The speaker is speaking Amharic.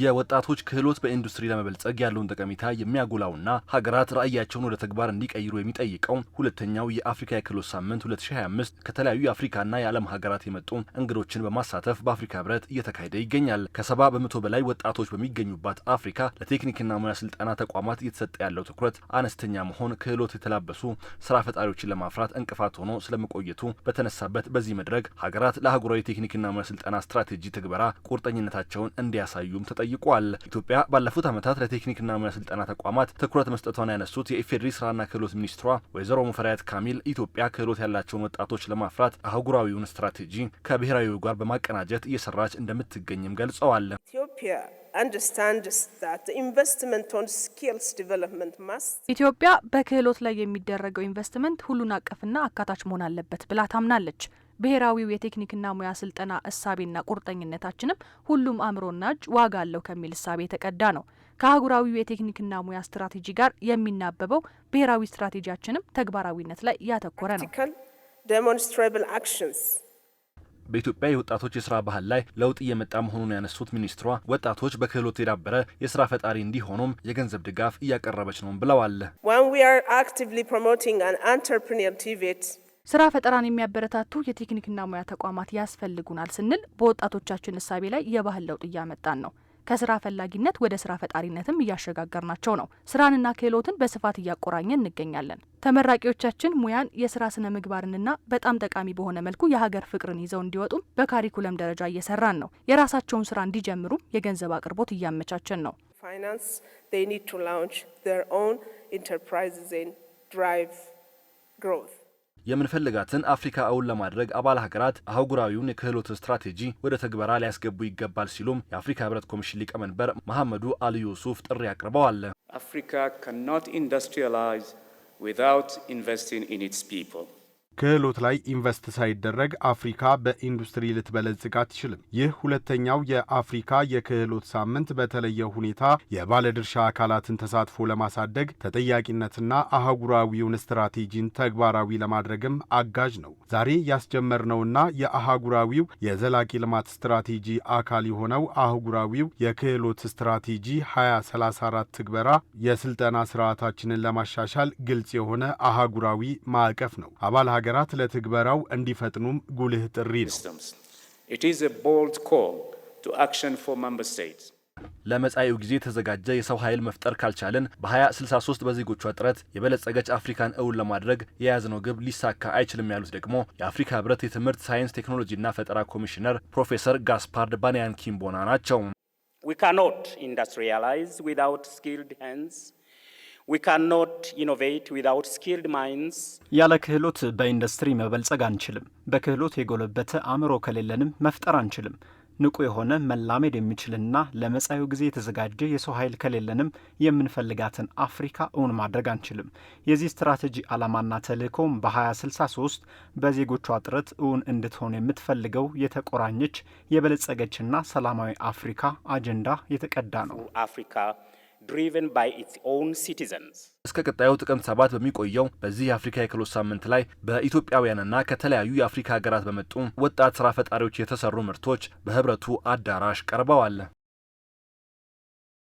የወጣቶች ክህሎት በኢንዱስትሪ ለመበልጸግ ያለውን ጠቀሜታ የሚያጎላውና ሀገራት ራዕያቸውን ወደ ተግባር እንዲቀይሩ የሚጠይቀው ሁለተኛው የአፍሪካ የክህሎት ሳምንት 2025 ከተለያዩ የአፍሪካና የዓለም ሀገራት የመጡ እንግዶችን በማሳተፍ በአፍሪካ ህብረት እየተካሄደ ይገኛል። ከሰባ በመቶ በላይ ወጣቶች በሚገኙባት አፍሪካ ለቴክኒክና ሙያ ስልጠና ተቋማት እየተሰጠ ያለው ትኩረት አነስተኛ መሆን ክህሎት የተላበሱ ስራ ፈጣሪዎችን ለማፍራት እንቅፋት ሆኖ ስለመቆየቱ በተነሳበት በዚህ መድረክ ሀገራት ለአህጉራዊ ቴክኒክና ሙያ ስልጠና ስትራቴጂ ትግበራ ቁርጠኝነታቸውን እንዲያሳዩም ጠይቋል። ኢትዮጵያ ባለፉት ዓመታት ለቴክኒክና ሙያ ስልጠና ተቋማት ትኩረት መስጠቷን ያነሱት የኢፌዴሪ ስራና ክህሎት ሚኒስትሯ ወይዘሮ ሙፈሪያት ካሚል ኢትዮጵያ ክህሎት ያላቸውን ወጣቶች ለማፍራት አህጉራዊውን ስትራቴጂ ከብሔራዊው ጋር በማቀናጀት እየሰራች እንደምትገኝም ገልጸዋል። ኢትዮጵያ በክህሎት ላይ የሚደረገው ኢንቨስትመንት ሁሉን አቀፍና አካታች መሆን አለበት ብላ ታምናለች። ብሔራዊው የቴክኒክና ሙያ ስልጠና እሳቤና ቁርጠኝነታችንም ሁሉም አእምሮና እጅ ዋጋ አለው ከሚል እሳቤ የተቀዳ ነው። ከአህጉራዊው የቴክኒክና ሙያ ስትራቴጂ ጋር የሚናበበው ብሔራዊ ስትራቴጂያችንም ተግባራዊነት ላይ ያተኮረ ነው። በኢትዮጵያ የወጣቶች የስራ ባህል ላይ ለውጥ እየመጣ መሆኑን ያነሱት ሚኒስትሯ ወጣቶች በክህሎት የዳበረ የስራ ፈጣሪ እንዲሆኑም የገንዘብ ድጋፍ እያቀረበች ነው ብለዋል። ስራ ፈጠራን የሚያበረታቱ የቴክኒክና ሙያ ተቋማት ያስፈልጉናል ስንል በወጣቶቻችን እሳቤ ላይ የባህል ለውጥ እያመጣን ነው። ከስራ ፈላጊነት ወደ ስራ ፈጣሪነትም እያሸጋገርናቸው ነው። ስራንና ክህሎትን በስፋት እያቆራኘን እንገኛለን። ተመራቂዎቻችን ሙያን፣ የስራ ስነ ምግባርንና በጣም ጠቃሚ በሆነ መልኩ የሀገር ፍቅርን ይዘው እንዲወጡም በካሪኩለም ደረጃ እየሰራን ነው። የራሳቸውን ስራ እንዲጀምሩም የገንዘብ አቅርቦት እያመቻቸን ነው። ፋይናንስ ኒድ ቱ ድራይቭ ግሮውዝ የምንፈልጋትን አፍሪካ እውን ለማድረግ አባል ሀገራት አህጉራዊውን የክህሎት ስትራቴጂ ወደ ተግበራ ሊያስገቡ ይገባል ሲሉም የአፍሪካ ህብረት ኮሚሽን ሊቀመንበር መሐመዱ አል ዩሱፍ ጥሪ አቅርበዋል። አፍሪካ ካናት ኢንዱስትሪላይዝ ዊዛውት ኢንቨስቲንግ ኢን ኢትስ ፒፕል ክህሎት ላይ ኢንቨስት ሳይደረግ አፍሪካ በኢንዱስትሪ ልትበለጽግ አትችልም። ይህ ሁለተኛው የአፍሪካ የክህሎት ሳምንት በተለየ ሁኔታ የባለድርሻ አካላትን ተሳትፎ ለማሳደግ ተጠያቂነትና አህጉራዊውን ስትራቴጂን ተግባራዊ ለማድረግም አጋዥ ነው። ዛሬ ያስጀመርነውና የአህጉራዊው የዘላቂ ልማት ስትራቴጂ አካል የሆነው አህጉራዊው የክህሎት ስትራቴጂ 2034 ትግበራ የስልጠና ስርዓታችንን ለማሻሻል ግልጽ የሆነ አህጉራዊ ማዕቀፍ ነው። አባል ሀገር ሀገራት ለትግበራው እንዲፈጥኑም ጉልህ ጥሪ ነው። ለመጻኢው ጊዜ የተዘጋጀ የሰው ኃይል መፍጠር ካልቻለን በ2063 በዜጎቿ ጥረት የበለጸገች አፍሪካን እውን ለማድረግ የያዝነው ግብ ሊሳካ አይችልም ያሉት ደግሞ የአፍሪካ ህብረት የትምህርት ሳይንስ፣ ቴክኖሎጂና ፈጠራ ኮሚሽነር ፕሮፌሰር ጋስፓርድ ባንያን ኪምቦና ናቸው። ያለ ክህሎት በኢንዱስትሪ መበልጸግ አንችልም። በክህሎት የጎለበተ አእምሮ ከሌለንም መፍጠር አንችልም። ንቁ የሆነ መላመድ የሚችልና ለመጻዩ ጊዜ የተዘጋጀ የሰው ኃይል ከሌለንም የምንፈልጋትን አፍሪካ እውን ማድረግ አንችልም። የዚህ ስትራቴጂ ዓላማና ተልእኮም በ2063 በዜጎቿ ጥረት እውን እንድትሆን የምትፈልገው የተቆራኘች የበለጸገችና ሰላማዊ አፍሪካ አጀንዳ የተቀዳ ነው። እስከ ቀጣዩ ጥቅምት ሰባት በሚቆየው በዚህ የአፍሪካ የክህሎት ሳምንት ላይ በኢትዮጵያውያንና ከተለያዩ የአፍሪካ ሀገራት በመጡ ወጣት ስራ ፈጣሪዎች የተሰሩ ምርቶች በህብረቱ አዳራሽ ቀርበዋል።